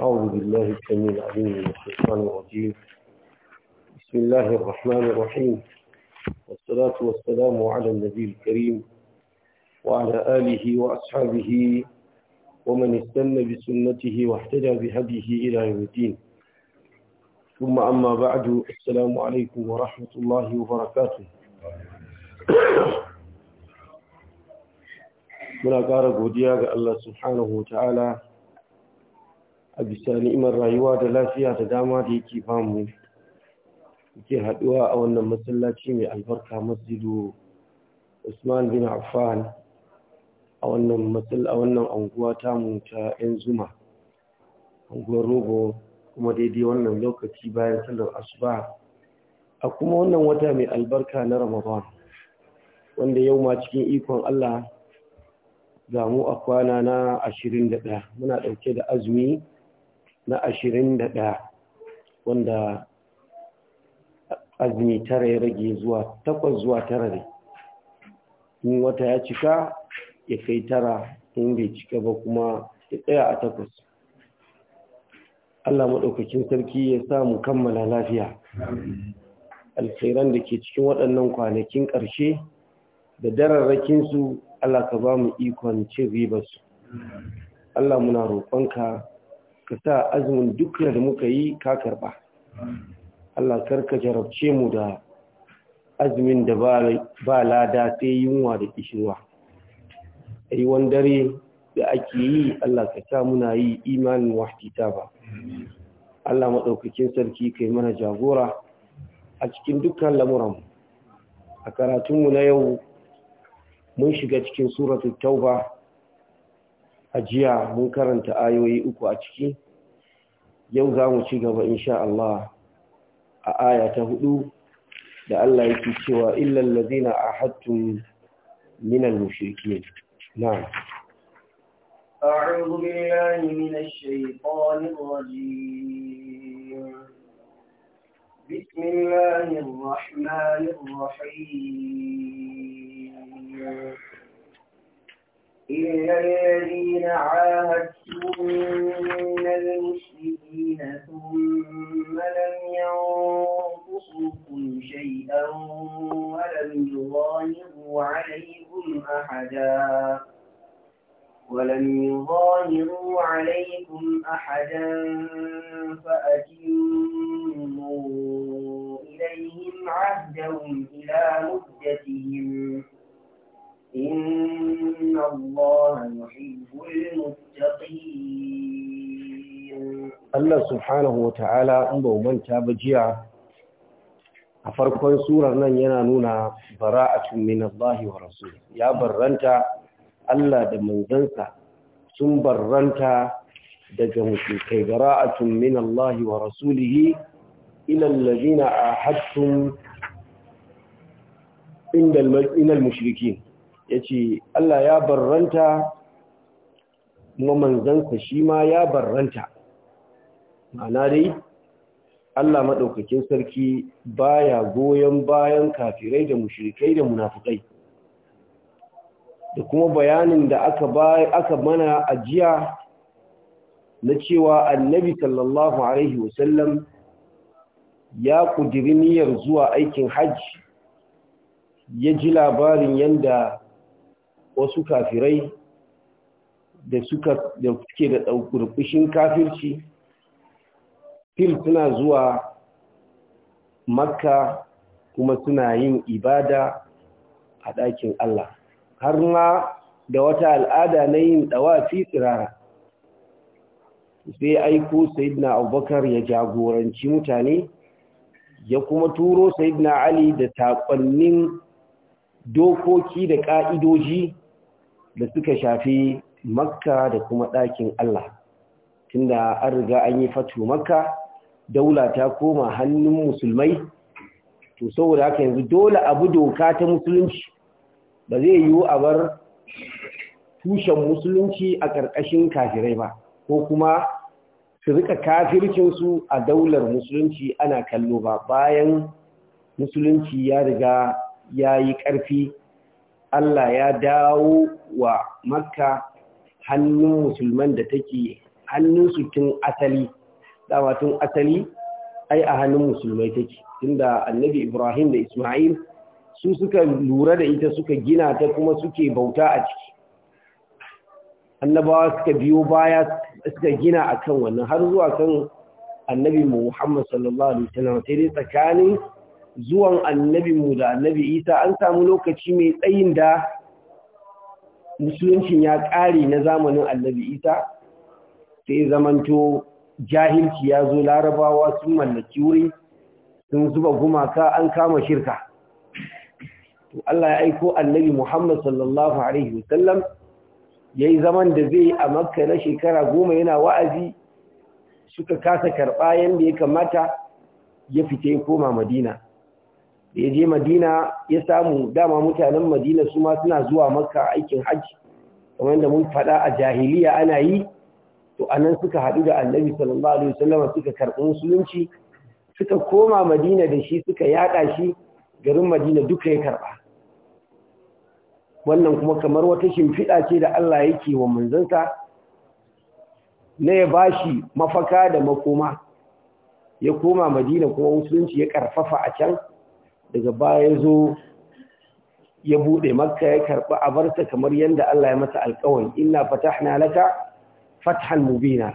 أعوذ بالله السميع العليم من الشيطان الرجيم بسم الله الرحمن الرحيم والصلاة والسلام على النبي الكريم وعلى آله وأصحابه ومن استنى بسنته واهتدى بهديه إلى يوم الدين ثم أما بعد السلام عليكم ورحمة الله وبركاته من ƙara godiya الله سبحانه وتعالى a bisa ni'imar rayuwa da lafiya da dama da yake bamu yake haɗuwa a wannan masallaci mai albarka masjidu Usman bin Affan a wannan matsal a wannan anguwa ta mu ta yan zuma anguwar rogo kuma daidai wannan lokaci bayan sallar asuba a kuma wannan wata mai albarka na Ramadan wanda yau ma cikin ikon Allah ga mu a kwana na 21 muna ɗauke da azumi na ashirin da ɗaya wanda azumi tara ya rage zuwa takwas zuwa tara ne in wata ya cika ya kai tara in bai cika ba kuma ya tsaya a takwas Allah maɗaukakin sarki ya sa mu kammala lafiya alkhairan da ke cikin waɗannan kwanakin ƙarshe da dararrakinsu Allah ka ba mu ikon cin ribarsu Allah muna roƙonka ka sa azumin duk da muka yi ka karba Allah karka jarabce mu da azumin da ba lada sai yunwa da kishirwa yi dare da ake yi Allah ka sa muna yi imanin wahtita ba Allah maɗaukakin sarki kai mana jagora a cikin dukkan lamuran a karatunmu na yau mun shiga cikin suratun tauba a jiya mun karanta ayoyi uku a ciki yau za mu ci gaba insha Allah a aya ta hudu da Allah yake cewa illal ladina ahadtum minal mushrikin na'am أعوذ بالله من الشيطان الرجيم بسم الله الرحمن الرحيم إلا الذين عاهدتم من المشركين ثم لم ينقصوكم شيئا ولم يظاهروا عليكم أحدا ولم يظاهروا عليكم أحدا فأتموا إليهم عهدهم إلى مدتهم إن الله يحب المتقين الله سبحانه وتعالى أنبه من تاب جيع أفرقون سورة نن ينانونا براءة من الله ورسوله يا برنتا الله دمن زنسا sun barranta daga mushrikai bara'atun min Allah wa rasulihi ila allazina ahadtum inda al-mushrikin ya ce Allah ya barranta kuma manzansa shi ma ya barranta ma'ana dai Allah maɗaukakin sarki baya goyon bayan kafirai da mushirikai da munafukai da kuma bayanin da aka aka mana ajiya na cewa annabi sallallahu alaihi wasallam ya ƙudiri niyyar zuwa aikin hajji ya ji labarin yadda wasu kafirai da suka da suke da kafirci fil suna zuwa makka kuma suna yin ibada a ɗakin Allah har ma da wata al'ada na yin ɗawafi tsirara sai aiko sayidina abubakar ya jagoranci mutane ya kuma turo sayidina ali da takwannin dokoki da ƙa'idoji da suka shafi makka da kuma ɗakin Allah tunda an riga an yi fatu makka daula ta koma hannun musulmai to saboda haka yanzu dole abu doka ta musulunci ba zai yiwu a bar tushen musulunci a ƙarƙashin kafirai ba ko kuma su rika kafircinsu a daular musulunci ana kallo ba bayan musulunci ya riga ya yi ƙarfi Allah ya dawo wa makka hannun musulman da take hannunsu tun asali dama tun asali ai a hannun musulmai take tunda annabi ibrahim da isma'il su suka lura da ita suka gina ta kuma suke bauta a ciki annabawa suka biyo baya suka gina akan wannan har zuwa kan annabi muhammad sallallahu alaihi wasallam sai dai tsakanin zuwan annabi mu da annabi isa an samu lokaci mai tsayin da musuluncin ya ƙare na zamanin annabi isa sai zamanto jahilci ya zo larabawa sun mallaki wuri sun zuba gumaka an kama shirka to Allah ya aiko annabi Muhammad sallallahu alaihi wasallam yayi zaman da zai a Makka na shekara goma yana wa'azi suka kasa karɓa yadda ya kamata ya ya koma Madina da ya je madina ya samu dama mutanen madina su ma suna zuwa maka aikin hajji kamar da mun faɗa a jahiliya ana yi to a nan suka haɗu da annabi sallallahu alaihi wasallam suka karɓi musulunci suka koma madina da shi suka yaɗa shi garin madina duka ya karɓa wannan kuma kamar wata shimfiɗa ce da Allah yake wa manzansa na ya ba shi mafaka da makoma ya koma madina kuma musulunci ya karfafa a can daga baya ya zo ya buɗe makka ya karɓi a barta kamar yadda Allah ya masa alƙawar ina fatahna laka fathan mubina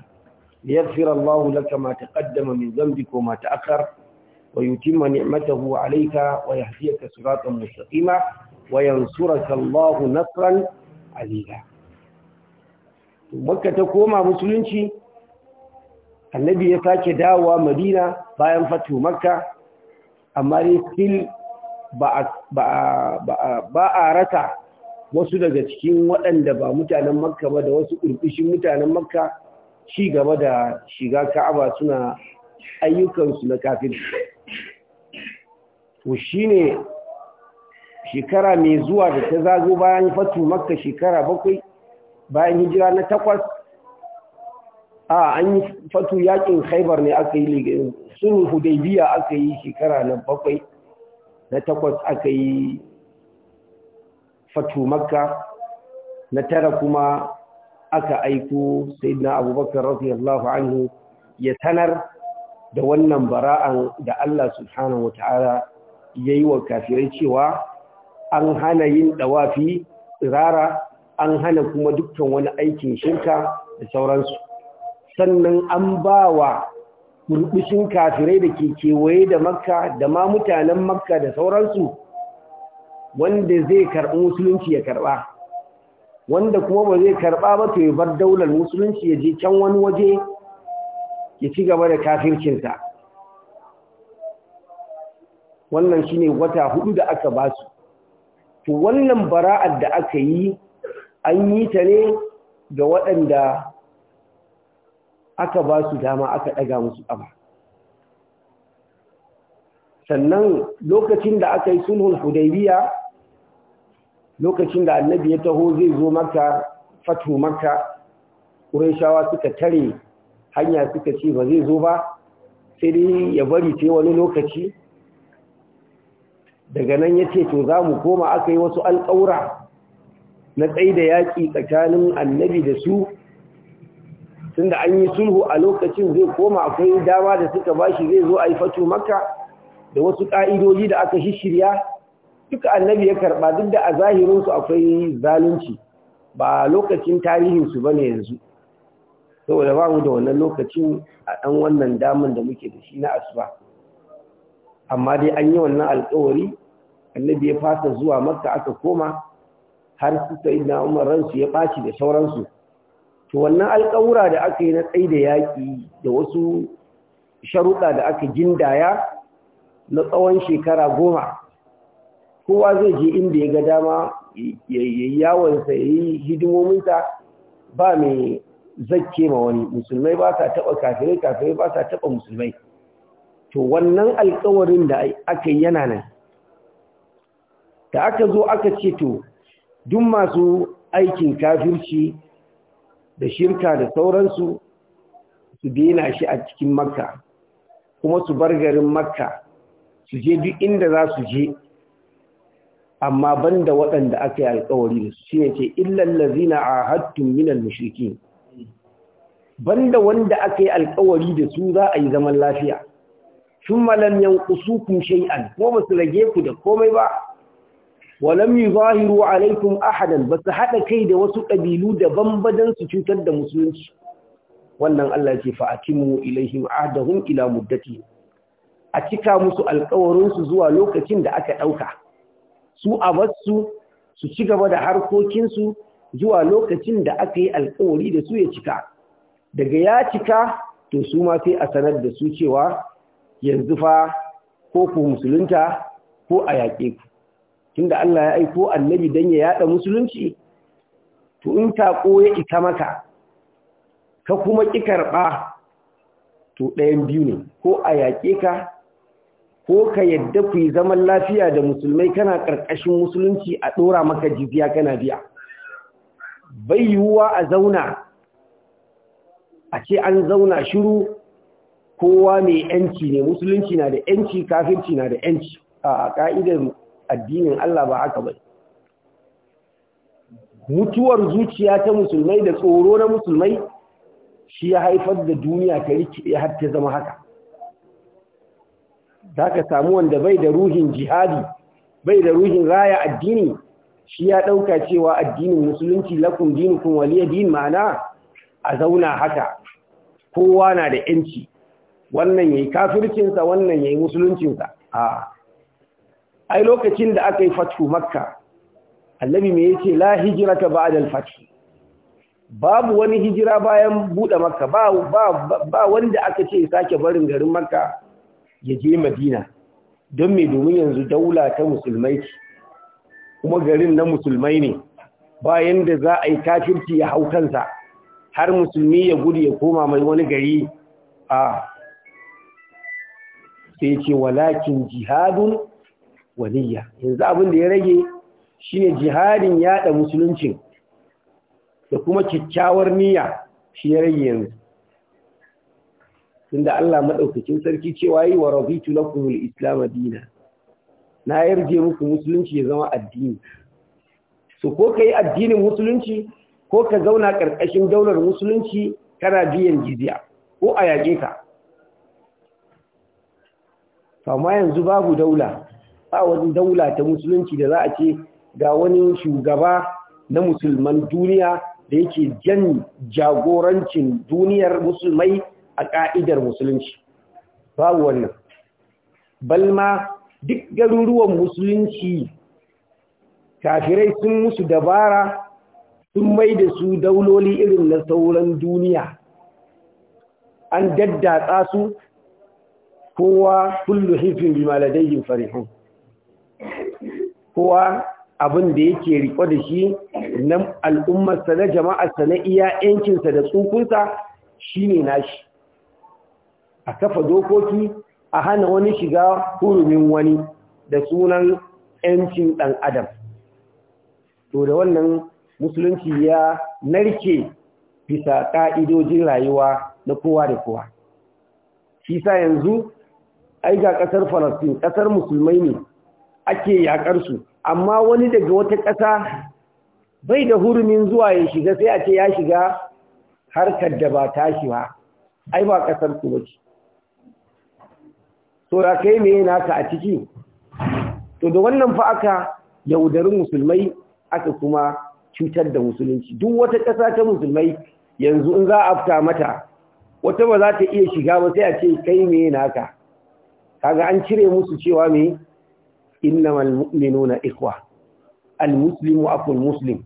liyarfir Allah laka ma taqaddama min zambi ko ma ta'akhkhar wa yutimma ni'matahu alayka wa yahdiyaka siratan mustaqima wa yansuraka Allah nasran aliya makka ta koma musulunci annabi ya sake dawowa madina bayan fatu makka amma dai fil ba a rata wasu daga cikin waɗanda ba mutanen makka ba da wasu ƙurƙushin mutanen makka ci gaba da shiga ka'aba suna ayyukansu na kafin to shi ne shekara mai zuwa da ta zago bayan fatu makka shekara bakwai bayan hijira na takwas a an yi fatu yakin khaibar ne aka yi sun hudaybiya aka yi shekara na bakwai na takwas aka yi fatu makka na tara kuma aka aiko sayyidina abubakar radiyallahu anhu ya sanar da wannan bara'an da Allah subhanahu wata'ala yayi wa kafirai cewa an hana yin dawafi tsirara an hana kuma dukkan wani aikin shirka da sauransu sannan an ba wa burbushin kafirai da ke kewaye da makka da ma mutanen makka da sauransu wanda zai karɓi musulunci ya karɓa wanda kuma ba zai karɓa ba to ya bar daular musulunci ya je can wani waje ya ci gaba da kafircinsa wannan shine wata hudu da aka ba su to wannan bara'ar da aka yi an yi ta ne ga waɗanda aka ba su dama aka ɗaga musu ƙafa sannan lokacin da aka yi sulhun hudaibiya, lokacin da annabi ya taho zai zo maka fatu maka ƙurashawa suka tare hanya suka ce ba zai zo ba sai dai ya bari ce wani lokaci daga nan ya ce to za mu koma aka yi wasu alƙaura na tsaye da yaƙi tsakanin annabi da su tunda an yi sulhu a lokacin zai koma akwai dama da suka bashi zai zo a yi fatu maka da wasu ƙa'idoji da aka shishirya duka annabi ya karɓa duk da a zahirinsu akwai zalunci ba lokacin tarihinsu ba ne yanzu saboda ba mu da wannan lokacin a ɗan wannan damar da muke da shi na asuba amma dai an yi wannan alkawari annabi ya fasa zuwa makka aka koma har suka sai na umar ransu ya ɓaci da sauransu to wannan alƙawura da aka yi na tsaye da yaƙi da wasu sharuɗa da aka jindaya na tsawon shekara goma kowa zai je inda ya ga dama ya yi yawonsa ya yi hidimominsa ba mai zakke ma wani musulmai ba sa taɓa kafirai kafirai ba sa taɓa musulmai to wannan alƙawarin da aka yi yana nan da aka zo aka ce to duk masu aikin kafirci da shirka da sauransu su dina shi a cikin makka kuma su bar garin makka su je duk inda za su je amma banda waɗanda aka yi alkawari da su shi ne ce illallazina ahadtum minal mushrikin banda wanda aka yi alkawari da su za a yi zaman lafiya sun malam yankusu kun shay'an ko ba su rage ku da komai ba walam yuzahiru alaikum ahadan ba su haɗa kai da wasu ƙabilu daban badan su cutar da musulunci wannan Allah ce fa'atimu ilaihim ahdahum ila muddati a cika musu alƙawarin su zuwa lokacin da aka ɗauka su a su ci gaba da harkokin su zuwa lokacin da aka yi alƙawari da su ya cika daga ya cika to su ma sai a sanar da su cewa yanzu fa ko ku musulunta ko a yaƙe ku tunda Allah ya aiko annabi dan ya yada musulunci to in ta ya isa maka ka kuma ki karba to ɗayan biyu ne ko a yaƙe ka ko ka yadda ku yi zaman lafiya da musulmai kana ƙarƙashin musulunci a ɗora maka jiziya kana biya bai yiwuwa a zauna a ce an zauna shiru kowa mai yanci ne musulunci na da yanci kafirci na da yanci a ƙa'idar addinin Allah ba haka ba mutuwar zuciya ta musulmai da tsoro na musulmai shi ya haifar da duniya ta rikide har ta zama haka za ka samu wanda bai da ruhin jihadi bai da ruhin raya addini shi ya ɗauka cewa addinin musulunci lakun dinukun waliya din ma'ana a zauna haka kowa na da ‘yanci wannan ya yi kafircinsa wannan ya yi musuluncinsa a ai lokacin da aka yi fatu makka annabi me yace la hijira ta ba da fath babu wani hijira bayan buɗe makka ba wanda aka ce ya sake barin garin makka ya je madina don mai domin yanzu daula ta musulmai ce kuma garin na musulmai ne bayan da za a yi kafirci ya hau kansa har musulmi ya gudu ya koma mai wani gari a ah. sai ce walakin jihadun waliya yanzu abin da ya rage shine jihadin yada musuluncin da kuma kyakkyawar niyya shi ya rage yanzu tunda Allah madaukakin sarki cewa yi wa rabitu lakum al-islam dinan na yarje muku musulunci ya zama addini so ko kai addinin musulunci ko ka zauna karkashin daular musulunci kana biyan jizya ko a yaƙe ka amma yanzu babu daula ba wani daula ta musulunci da za a ce ga wani shugaba na musulman duniya da yake jan jagorancin duniyar musulmai a ka'idar musulunci babu wannan balma duk garuruwan musulunci kafirai sun musu dabara sun mai da su dauloli irin na sauran duniya an daddatsa su kowa kullu hifin bi maladayyin farihun kowa abin da yake riko da shi na al'ummarsa na jama'arsa na iya yankinsa da tsukunsa shine ne nashi a kafa dokoki a hana wani shiga hurumin wani da sunan ‘yancin ɗan adam to da wannan musulunci ya narke bisa ƙa'idojin rayuwa na kowa da kowa shi sa yanzu ai ga ƙasar falastin ƙasar musulmai ne ake yakarsu amma wani daga wata ƙasa bai da hurumin zuwa ya shiga sai a ce ya shiga harkar da ba tashi ba ai ba ƙasar ku ba to da kai me naka a ciki to da wannan fa aka yaudarin musulmai aka kuma cutar da musulunci duk wata ƙasa ta musulmai yanzu in za a afta mata wata ba za ta iya shiga ba sai a ce kai me naka kaga an cire musu cewa me innamal mu'minuna ikhwa almuslimu akul muslim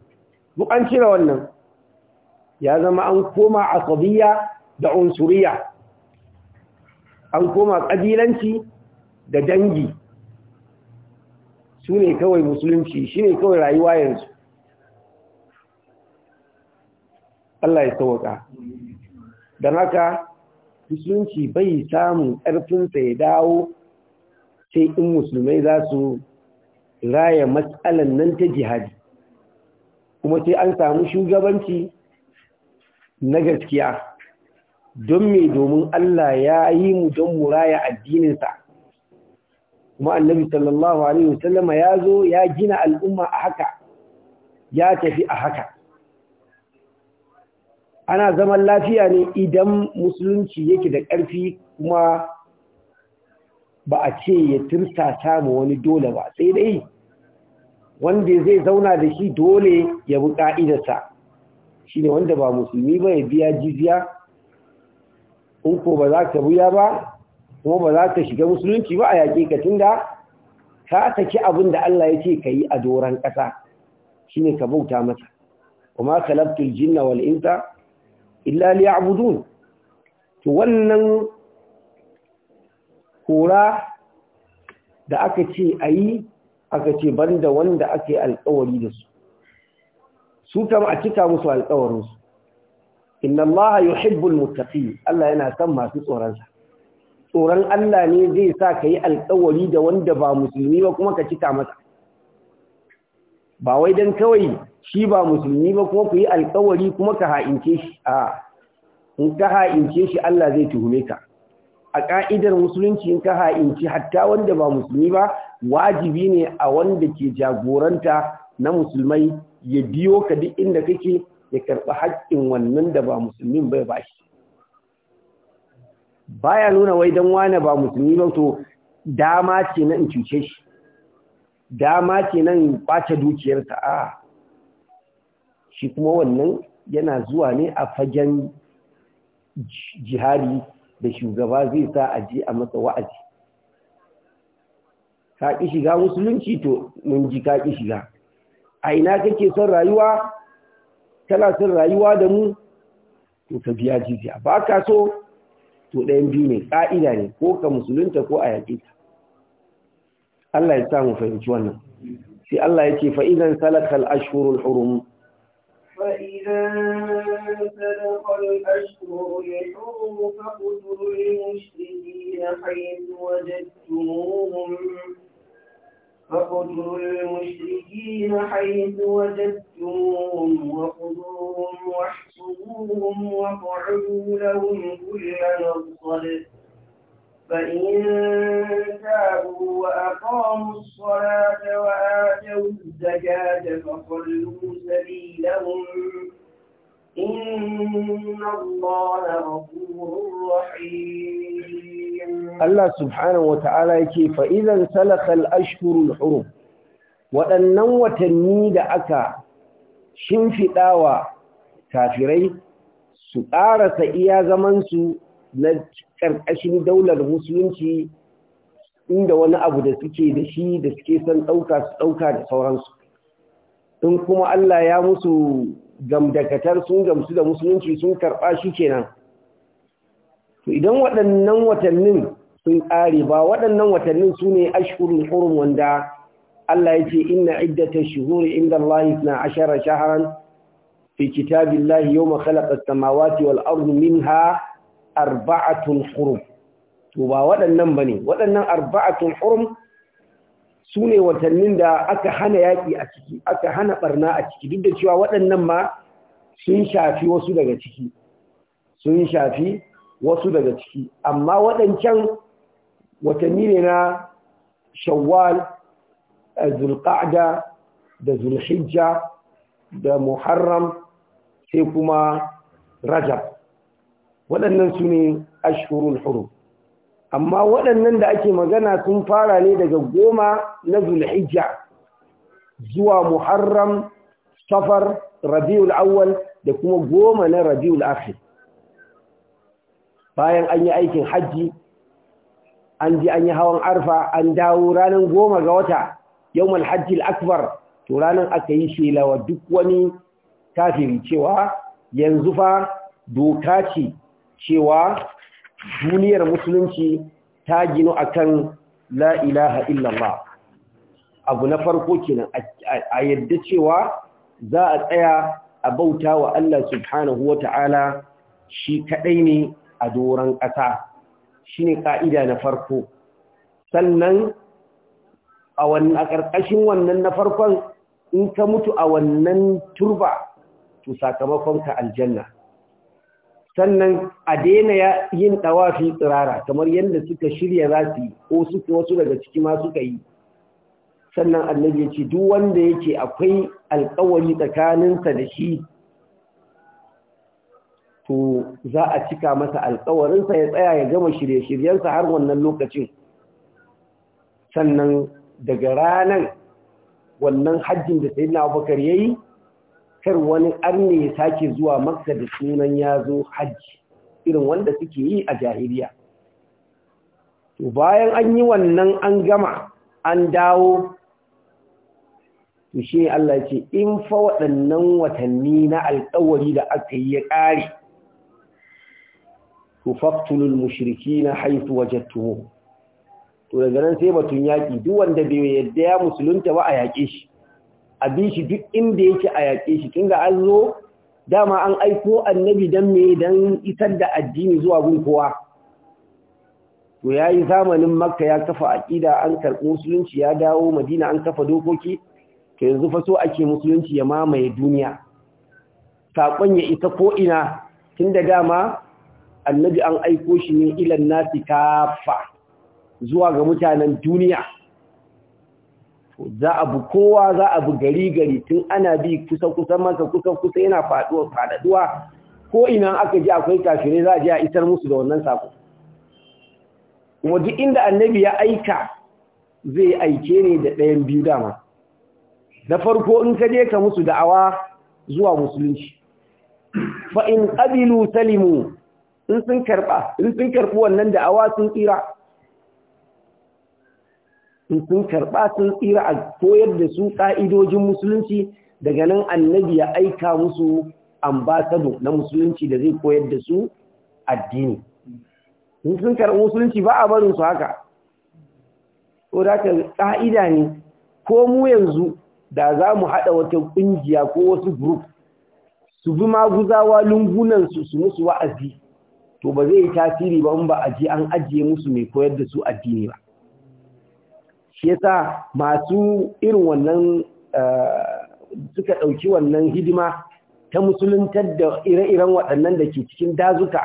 duk an cire wannan ya zama an koma asabiyya da unsuriya an koma kabilanci da dangi su ne kawai musulunci shi ne kawai rayuwa yanzu Allah ya sauka don haka musulunci bai samun ƙarfinsa ya dawo sai in musulmai za su raya matsalan nan ta jihadi kuma sai an samu shugabanci na gaskiya don mai domin Allah ya yi mu don mu raya addininsa kuma annabi sallallahu alaihi wasallama ya zo ya gina al'umma a haka ya tafi a haka ana zaman lafiya ne idan musulunci yake da ƙarfi kuma ba a ce ya tirsasa ma wani dole ba sai dai wanda zai zauna da shi dole ya bi ka'idarsa shi ne wanda ba musulmi ba ya biya jiziya in ko ba za ka buya ba kuma ba za ka shiga musulunci ba a yaƙe ka tun da ka saki abin da Allah ya ce ka yi a doron ƙasa shi ne ka bauta masa kuma kalabtul jinna wal insa illa liya'budun to wannan kora da aka ce a yi aka ce banda wanda ake alkawari da su su kama a cika musu alkawarinsu inna Allah yuhibbul muttaqin Allah yana san masu tsoronsa tsoron Allah ne zai sa ka yi alkawari da wanda ba musulmi ba kuma ka cika masa ba wai don kawai shi ba musulmi ba kuma ku yi alkawari kuma ka ha'ince shi a in ka ha'ince shi Allah zai tuhume ka a ƙa'idar musulunci in ka ha'inci hatta wanda ba musulmi ba wajibi ne a wanda ke jagoranta na musulmai ya biyo ka duk inda kake ya karɓi haƙƙin wannan da ba musulmin bai ba shi baya nuna wai dan wane ba musulmi ba to dama ce nan cuce shi dama ce nan ɓace dukiyarsa a shi kuma wannan yana zuwa ne a fagen jihari. da shugaba zai sa a ji a masa wa'azi ka ƙi shiga musulunci to mun ji ka ƙi shiga a ina kake son rayuwa kana son rayuwa da mu to ka biya jijiya ba ka so to ɗayan biyu ne ƙa'ida ne ko ka musulunta ko a yaƙe ta Allah ya sa mu fahimci wannan sai Allah ya ce fa idan salakal ashhurul hurum فإذا انسلخ الأشهر الحرم فاقتلوا المشركين حيث وجدتموهم فاقتلوا المشركين حيث وجدتموهم وخذوهم واحصروهم وقعدوا لهم كل مرصد فإن تابوا وأقاموا الصلاة وآتوا الزكاة فخلوا سبيلهم Allah subhanahu wa ta’ala yake salakal ashkurul hurum waɗannan watanni da aka shimfiɗa wa kafirai su ƙarasa iya zamansu na ƙarƙashin daular musulunci inda wani abu da suke da shi da suke son ɗauka su ɗauka da sauransu in kuma Allah ya musu gamdakatar sun gamsu da musulunci sun karɓa shi kenan to idan waɗannan watannin sun ƙare ba waɗannan watannin su ne ashhurul wanda Allah ya ce inna iddata shuhuri inda Allah na ashara shaharan fi kitabillahi yawma khalaqa as-samawati wal ardi minha arba'atul hurum to ba waɗannan ba ne waɗannan arba'atul hurum sune watannin da aka hana yaƙi a ciki aka hana ɓarna a ciki duk da cewa waɗannan ma sun shafi wasu daga ciki sun shafi wasu daga ciki amma waɗancan watanni ne na shawwal eh, zulqa'da da zulhijja da muharram sai kuma rajab waɗannan su ne ashurul huru, amma waɗannan da ake magana sun fara ne daga goma na zulhijja zuwa muharram safar rabiul awwal da kuma goma na rabiul akhir bayan an yi aikin hajji an ji an yi hawan arfa an dawo ranar goma ga wata yawmal hajji akbar to ranar aka yi shela wa duk wani kafiri cewa yanzu fa doka ce cewa duniyar musulunci ta ginu akan la ilaha illallah abu na farko kenan a yadda cewa za a tsaya a bauta wa Allah subhanahu wa ta'ala shi kaɗai ne a doron ƙasa shi ne ƙa'ida na farko sannan a ƙarƙashin wannan na farkon in ka mutu a wannan turba to sakamakon ka aljanna sannan a daina yin ɗawafi tsirara kamar yadda suka shirya za su yi ko suka wasu daga ciki ma suka yi sannan annabi ya ce duk wanda yake akwai alkawari tsakaninsa da shi to za a cika masa alkawarinsa ya tsaya ya gama shirye-shiryensa har wannan lokacin sannan daga ranan wannan hajjin da sai na abubakar ya yi kar wani arne ya sake zuwa makka da sunan ya zo hajji irin wanda suke yi a jahiliya bayan an yi wannan an gama an dawo to shi Allah ce in fa waɗannan watanni na alƙawari da aka yi ya ƙare ku faktulul mushriki na haifu wajattumu to daga nan sai batun yaƙi duk wanda bai yarda ya musulunta ba a yaƙe shi abin shi duk inda yake a yaƙe shi tunda an zo dama an aiko annabi dan me dan isar da addini zuwa gunkowa. kowa to yayi zamanin makka ya kafa aƙida an karɓi musulunci ya dawo madina an kafa dokoki to yanzu fa so ake musulunci ya mamaye duniya saƙon ya isa ko ina tunda dama annabi an aiko shi ne ilan nasi kafa zuwa ga mutanen duniya za a bu kowa za a bu gari gari tun ana bi kusa kusa masa kusa kusa yana faduwa fadaduwa ko ina aka ji akwai kafirai za a je a isar musu da wannan sako kuma duk inda annabi ya aika zai aike ne da ɗayan biyu dama da farko in ka je ka musu da'awa zuwa musulunci fa in salimu in sun karba karbi wannan da'awa sun tsira in sun karɓa sun tsira a koyar da su ƙa'idojin musulunci daga nan annabi ya aika musu ambasado na musulunci da zai koyar da su addini in sun karɓi musulunci ba a barin su haka ko da ka ƙa'ida ne ko mu yanzu da za mu haɗa wata ƙungiya ko wasu group su bi maguzawa lungunansu su musu wa'azi to ba zai yi tasiri ba in ba a ji an ajiye musu mai koyar da su addini ba shi yasa masu irin wannan eh, suka ɗauki wannan hidima ta musuluntar da ire-iren waɗannan da ke cikin dazuka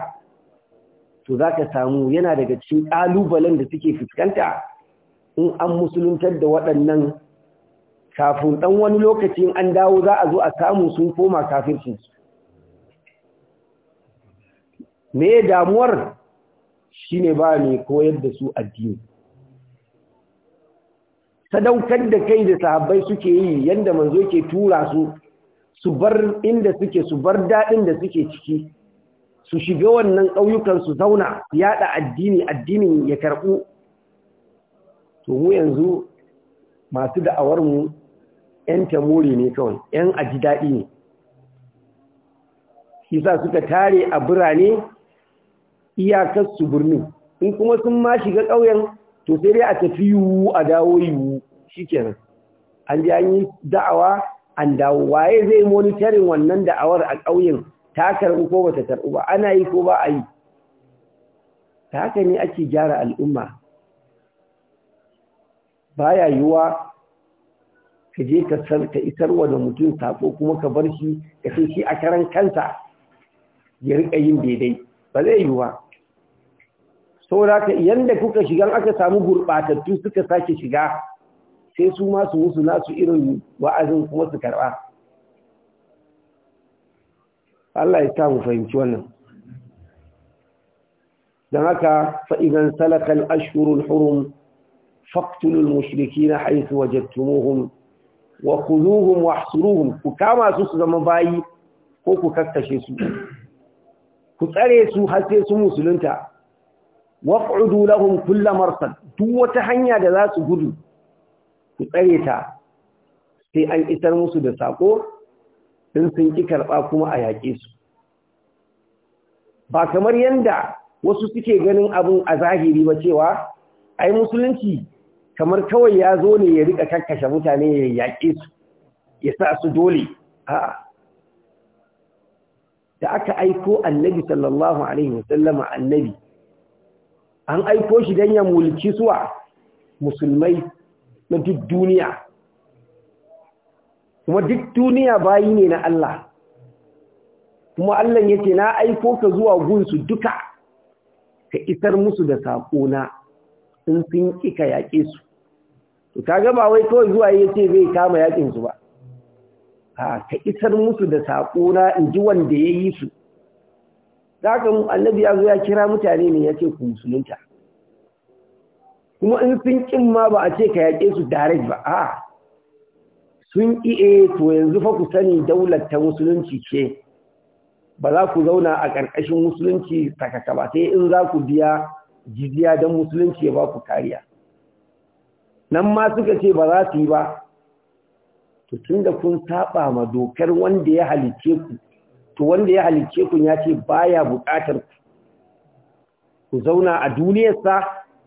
to za ka samu yana daga cikin ƙalubalen da suke fuskanta in an musuluntar da waɗannan kafin ɗan wani lokaci an dawo za a zo a samu sun koma su? me damuwar shi ne ba ne koyar da su addini sadaukar da kai da sahabbai suke yi yanda manzo ke tura su su bar inda suke su bar daɗin da suke ciki su shiga wannan ƙauyukan su zauna yada addini addinin ya karbu to mu yanzu masu da'awarmu mu tamori ne kawai yan aji daɗi ne isa suka tare a birane iyakar su birnin in kuma sun ma shiga ƙauyen to sai dai a tafi yiwu a dawo yiwu kenan an ji an yi da'awa an dawo waye zai monitorin wannan da'awar a ƙauyen ta karɓi ko bata karɓi ba ana yi ko ba a yi ta haka ne ake gyara al'umma baya yiwuwa ka je ka sarka isarwa da mutum saƙo kuma ka bar shi ka sai shi a karan kansa ya riƙa yin daidai ba zai yiwuwa sauraka ka yanda kuka shiga aka samu gurɓatattu suka sake shiga sai su ma su musu nasu irin wa'azin kuma su karba Allah ya ta mu fahimci wannan dan haka fa idan salaka al-ashhurul hurum faqtulul mushrikeena haythu wajadtumuhum wa ku kama su su zama bayi ko ku kakkashe su ku tsare su har sai su musulunta waq'udu lahum kull marsad duk wata hanya da za su gudu ku tsare ta sai an isar musu da sako din sun ki karba kuma a yaƙe su ba kamar yanda wasu suke ganin abun a zahiri ba cewa ai musulunci kamar kawai ya zo ne ya rika kakkashe mutane ya yaƙe su ya sa su dole a'a da aka aiko annabi sallallahu alaihi wasallama annabi an aiko shi don ya mulki suwa musulmai na duk duniya kuma duk duniya bayi ne na Allah kuma Allah ya ce na aiko ka zuwa gunsu duka ka isar musu da saƙona in sun ƙika yaƙe su to kaga ba wai kawai zuwa ya ce zai kama yaƙinsu su ba ka isar musu da saƙona in ji wanda ya yi su da haka annabi ya zo ya kira mutane ne ya ce ku musulunta kuma in sun kin ma ba a ce ka yaƙe su direct ba a sun iya eh, to yanzu fa ku sani daular ta musulunci ce ba za ku zauna a ƙarƙashin musulunci sakaka ba sai in za ku biya jizya don musulunci ya ba ku kariya nan ma suka ce ba za su yi ba to tun da kun saba ma dokar wanda ya halice ku to wanda ya halicce ku ya ce baya buƙatar ku ku zauna a duniyarsa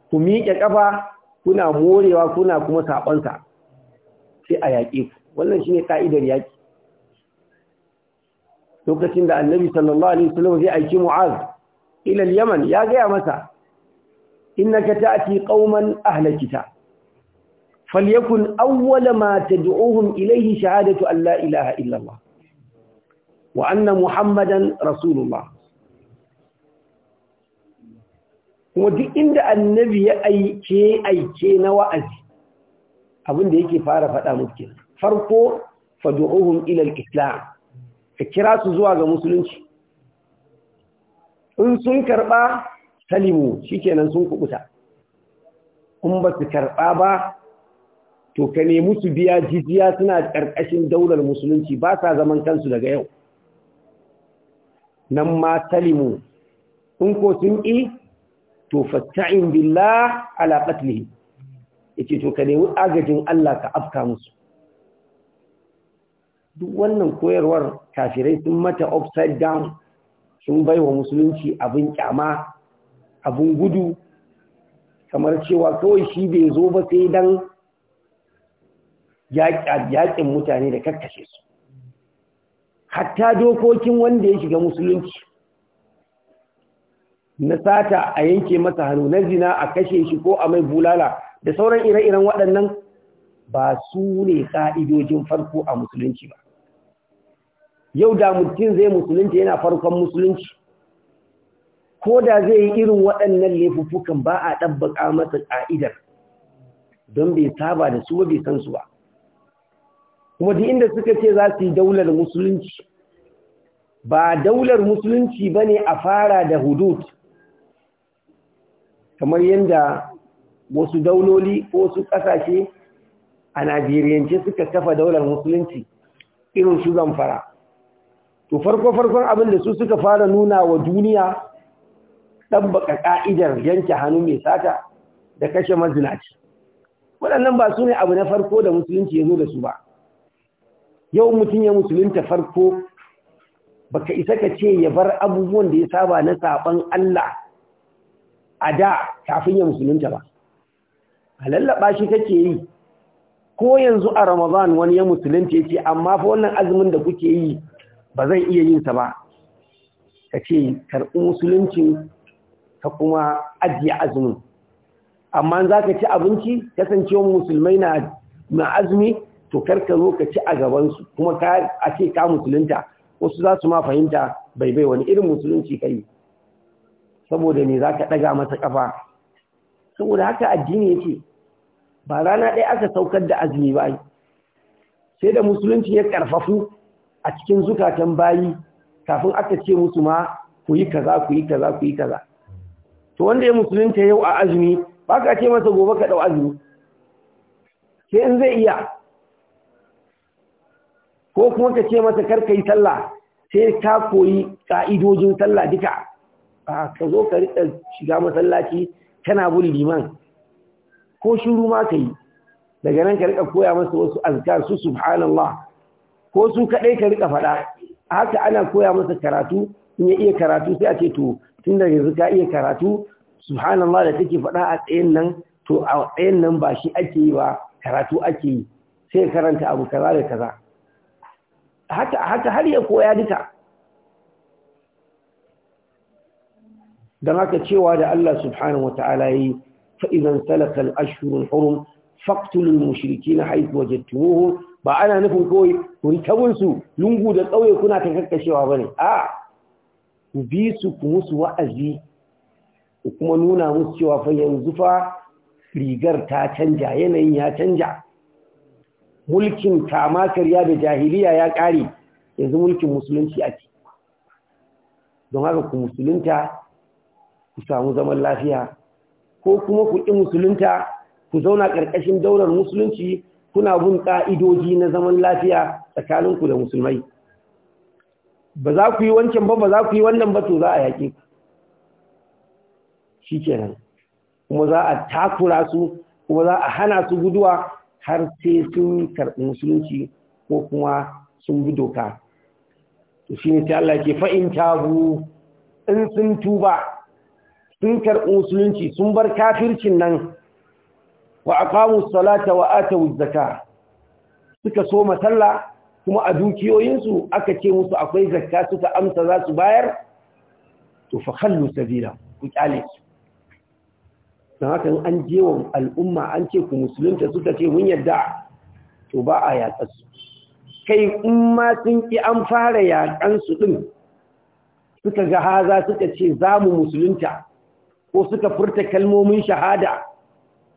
ku miƙe ƙafa kuna morewa kuna kuma saɓonsa sai a yaƙe ku wannan shine ƙa'idar yaƙi lokacin da annabi sallallahu alaihi wasallam zai aiki mu'az ila yaman ya gaya masa innaka ta'ti qauman ahla kitab falyakun awwala ma tad'uhum ilayhi shahadatu an la ilaha illa allah wa muhammadan rasulullah kuma duk inda annabi ya aike aike na wa'azi abinda da yake fara faɗa muke farko fadu'uhum ila al-islam ka kira su zuwa ga musulunci in sun karɓa salimu shi kenan sun kubuta in ba su karba ba to ka nemi su biya jijiya suna ƙarƙashin daular musulunci ba sa zaman kansu daga yau nan ma talimu in ko sun ƙi to fatta'in billah ala qatlihi yace to ka nemi agajin Allah ka afka musu duk wannan koyarwar kafirai sun mata upside down sun baiwa musulunci abin kyama abin gudu kamar cewa kawai shi bai zo ba sai dan yaƙin mutane da kakkashe su hatta dokokin wanda ya shiga musulunci na sata a yanke masa hannu na zina a kashe shi ko a mai bulala da sauran ire-iren waɗannan ba su ne ƙa'idojin farko a musulunci ba yau da mutum zai musulunci yana farkon musulunci ko da zai yi irin waɗannan laifuffukan ba a ɗabbaƙa masa ƙa'idar don bai saba da su ba bai san su ba kuma duk inda suka ce za su yi daular musulunci ba daular musulunci ba ne a fara da hudud kamar yadda wasu dauloli ko wasu ƙasashe a najeriyance suka kafa daular musulunci irin su zamfara to farko-farkon abin da su suka fara nuna wa duniya ɗabbaka ƙa'idar yanke hannu mai sata da kashe mazinaci waɗannan ba su ne abu na farko da musulunci ya zo da su ba yau mutum ya musulunta farko baka isa ka ce ya bar abubuwan da ya saba na saban Allah a da kafin ya musulunta ba A lallaba shi kake yi ko yanzu a Ramadan wani ya musulunta ya ce, amma fa wannan azumin da kuke yi ba zan iya yin sa ba ce karɓi musulunci ka kuma ajiye azumin amma za ka ci abinci kasancewa musulmai na azumi to karka zo ka ci a gabansu kuma ka a ce ka musulunta wasu za su ma fahimta bai bai wani irin musulunci ka yi saboda ne za ka ɗaga masa ƙafa saboda haka addini ce ba rana ɗaya aka saukar da azumi ba sai da musulunci ya ƙarfafu a cikin zukatan bayi kafin aka ce musu ma ku yi kaza ku yi kaza ku yi kaza to wanda ya musulunta yau a azumi ba ka ce masa gobe ka ɗau azumi sai in zai iya ko kuma ka ce masa ka yi sallah sai ka koyi ka'idojin sallah duka A ka zo ka riƙa shiga masallaci kana bin liman ko shiru ma ka yi daga nan ka riƙa koya masa wasu azkar su subhanallah ko su kaɗai ka riƙa faɗa haka ana koya masa karatu in ya iya karatu sai a ce to tun daga yanzu ka iya karatu subhanallah da take faɗa a tsayen nan to a tsayen nan ba shi ake yi ba karatu ake yi sai karanta abu kaza da kaza haka haka har ya koya duka dan haka cewa da Allah subhanahu wataala yi fa idan talaka al-ashhurul hurum faqtulul mushrikeena haythu wajadtumuhum ba ana nufin koyi kun tabun su lungu da kauye kuna ta kakkashewa bane a ku bi su ku musu wa'azi ku kuma nuna musu cewa fa yanzu fa rigar ta canja yanayin ya canja mulkin kama karya da jahiliya ya ƙare yanzu mulkin musulunci ake don haka ku musulunta ku samu zaman lafiya ko kuma ku ƙi musulunta ku zauna ƙarƙashin daular musulunci kuna bin ƙa'idoji na zaman lafiya tsakaninku da musulmai ba za ku yi wancan ba ba za ku yi wannan ba to za a yaƙe ku shi kenan kuma za a takura su kuma za a hana su guduwa har sai sun karɓi musulunci ko kuma sun bi doka to ne sai Allah ke fa'in tabu in sun tuba sun karɓi musulunci sun bar kafircin nan wa aqamu salata wa ta zakka suka so matalla kuma a dukiyoyinsu aka ce musu akwai zakka suka amsa za su bayar to fa kallu sabila ku kyale su don haka an wa al'umma an ce ku musulunta suka ce mun yadda to ba a yaƙarsu kai in ma sun ƙi an fara yaƙansu ɗin suka ga haza suka ce za mu musulunta ko suka furta kalmomin shahada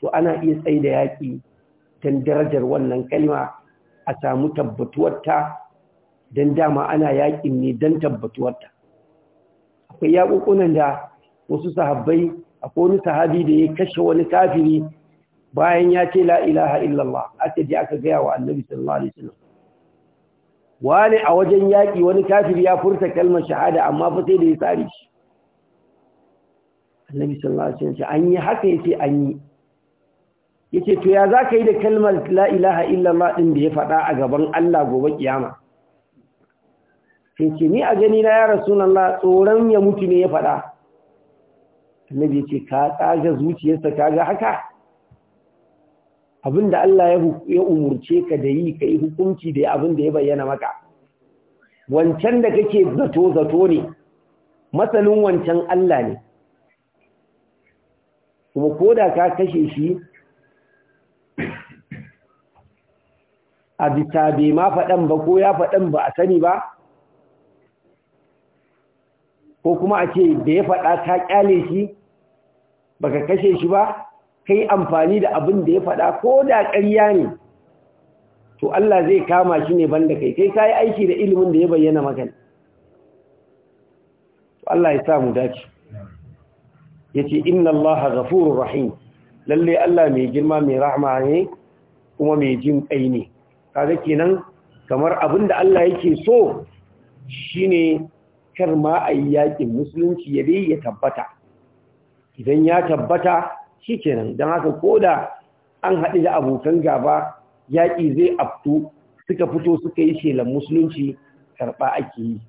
to ana iya tsaye da yaƙi don darajar wannan kalma a samu tabbatuwarta don dama ana yaƙin ne don tabbatuwarta akwai yaƙuƙunan da wasu sahabbai akwai wani sahabi da ya kashe wani kafiri bayan ya ce la ilaha illallah aka ji aka gaya wa annabi sallallahu alaihi wasallam wani a wajen yaƙi wani kafiri ya furta kalmar shahada amma fa sai da ya tsari. shi annabi sallallahu alaihi wasallam an yi haka yace an yi yace to ya zaka yi da kalmar la ilaha illallah din da ya faɗa a gaban Allah gobe kiyama sai ce ni a gani na ya rasulullah tsoron ya mutu ne ya faɗa annabi ya ce ka tsaga zuciyarsa ka ga haka abinda Allah ya umurce ka da yi ka yi hukunci da abin da ya bayyana maka wancan da kake zato zato ne matsalin wancan Allah ne kuma koda ka kashe shi a bisa bai ma faɗan ba ko ya faɗan ba a sani ba ko kuma a ce da ya faɗa ka ƙyale shi baka kashe shi ba kai amfani da abin da ya faɗa ko da ƙarya ne to Allah zai kama shi ne banda kai kai kai aiki da ilimin da ya bayyana maka ne to Allah ya sa mu dace yace inna Allah ghafurur rahim lalle Allah mai girma mai rahma ne kuma mai jin kai ne kaga kenan kamar abin da Allah yake so shine kar ma a yi yaƙin musulunci ya dai ya tabbata idan ya tabbata shi kenan don haka ko da an haɗu da abokan gaba yaƙi zai aftu suka fito suka yi shelar musulunci karɓa ake yi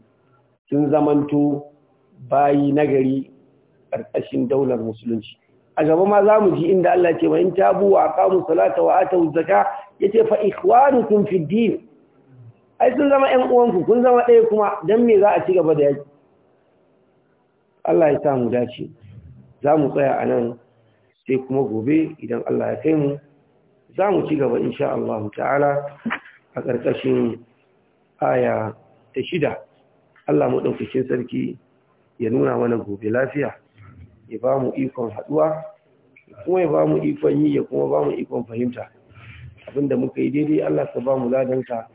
sun zamanto bayi nagari ƙarƙashin daular musulunci a gaba ma za mu ji inda Allah ce wa in tabu wa aqamu salata wa atu zakka yace fa ikhwanukum fid din ai sun zama ƴan uwanku kun zama ɗaya kuma dan me za a ci gaba da yaki Allah ya sa mu dace za mu tsaya a nan sai kuma gobe idan Allah ya kai mu za mu ci gaba insha Allah ta'ala a ƙarƙashin aya ta shida Allah mu maɗaukakin sarki ya nuna mana gobe lafiya ya ba mu ikon haɗuwa kuma ya ba mu ikon yi ya kuma ba mu ikon fahimta abinda muka yi daidai Allah ka ba mu ladanta.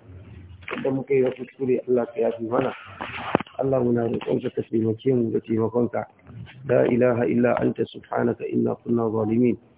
da muka yi wasu kuskure Allah ka yafi mana Allah muna roƙonka ka taimake mu da taimakonka la ilaha illa anta subhanaka inna kunna zalimin